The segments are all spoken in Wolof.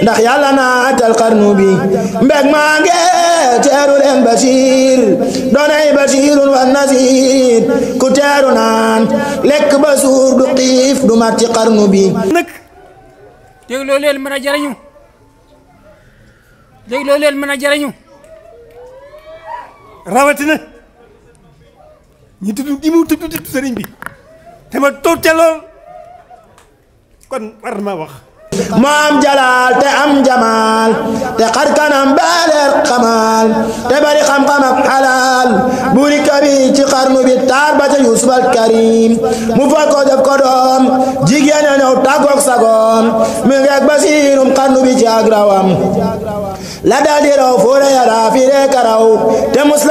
ndax yàlla naatal xarnu bi mbeg maa nge teeru leen basiir doonay e. basiirun wa nazir ku teeru nan lek basur du qif du mat ci xarnu bi nag dégloo leen mën a jariñu dégloo meuna jarignu rawati na ñi tuddu gi mu tuddu tudd serigne bi te ma to ca kon war ma wax moom jalaal te am jamaal te xar kanam baaleer xamaal te bari xam ak xalaal buri kabi ci xarnu taar ba ca Yuusuf al Karim mu fal ko def ko doom jigéen sagoom mi ngeeg basiirum xarnu bi ci ak la daldi raw fóore ya ree karaw te mus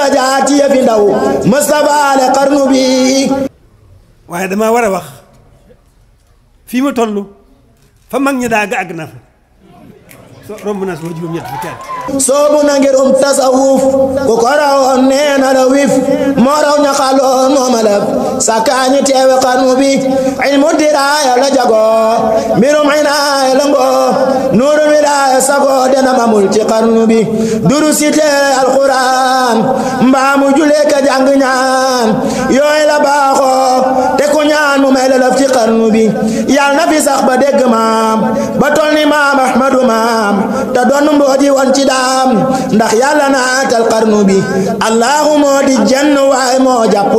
ci yëfi ndaw mus waaye dama war a wax fii ma fa mag ñi daa romb naa sama juróom ñett fukki soobu na um tasawuf ku ko rawoon nee la wif moo raw ña xaloo nooma la sakkaañi teewe xarnu bi ilmu diraaya la jagoo mbirum inaaya la ngoo nuuru sagoo denam amul ci xarnu bi duru site mbaamu julee ka jàng ñaan yooyu la baaxoo may la laf na fi sax ba dégg maam ba toll maam ahmadu maam te doon mbooji woon ci ndax yàlla naatal xarnu bi allahu moo di jenn waay moo jàpp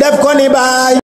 def ko ni baay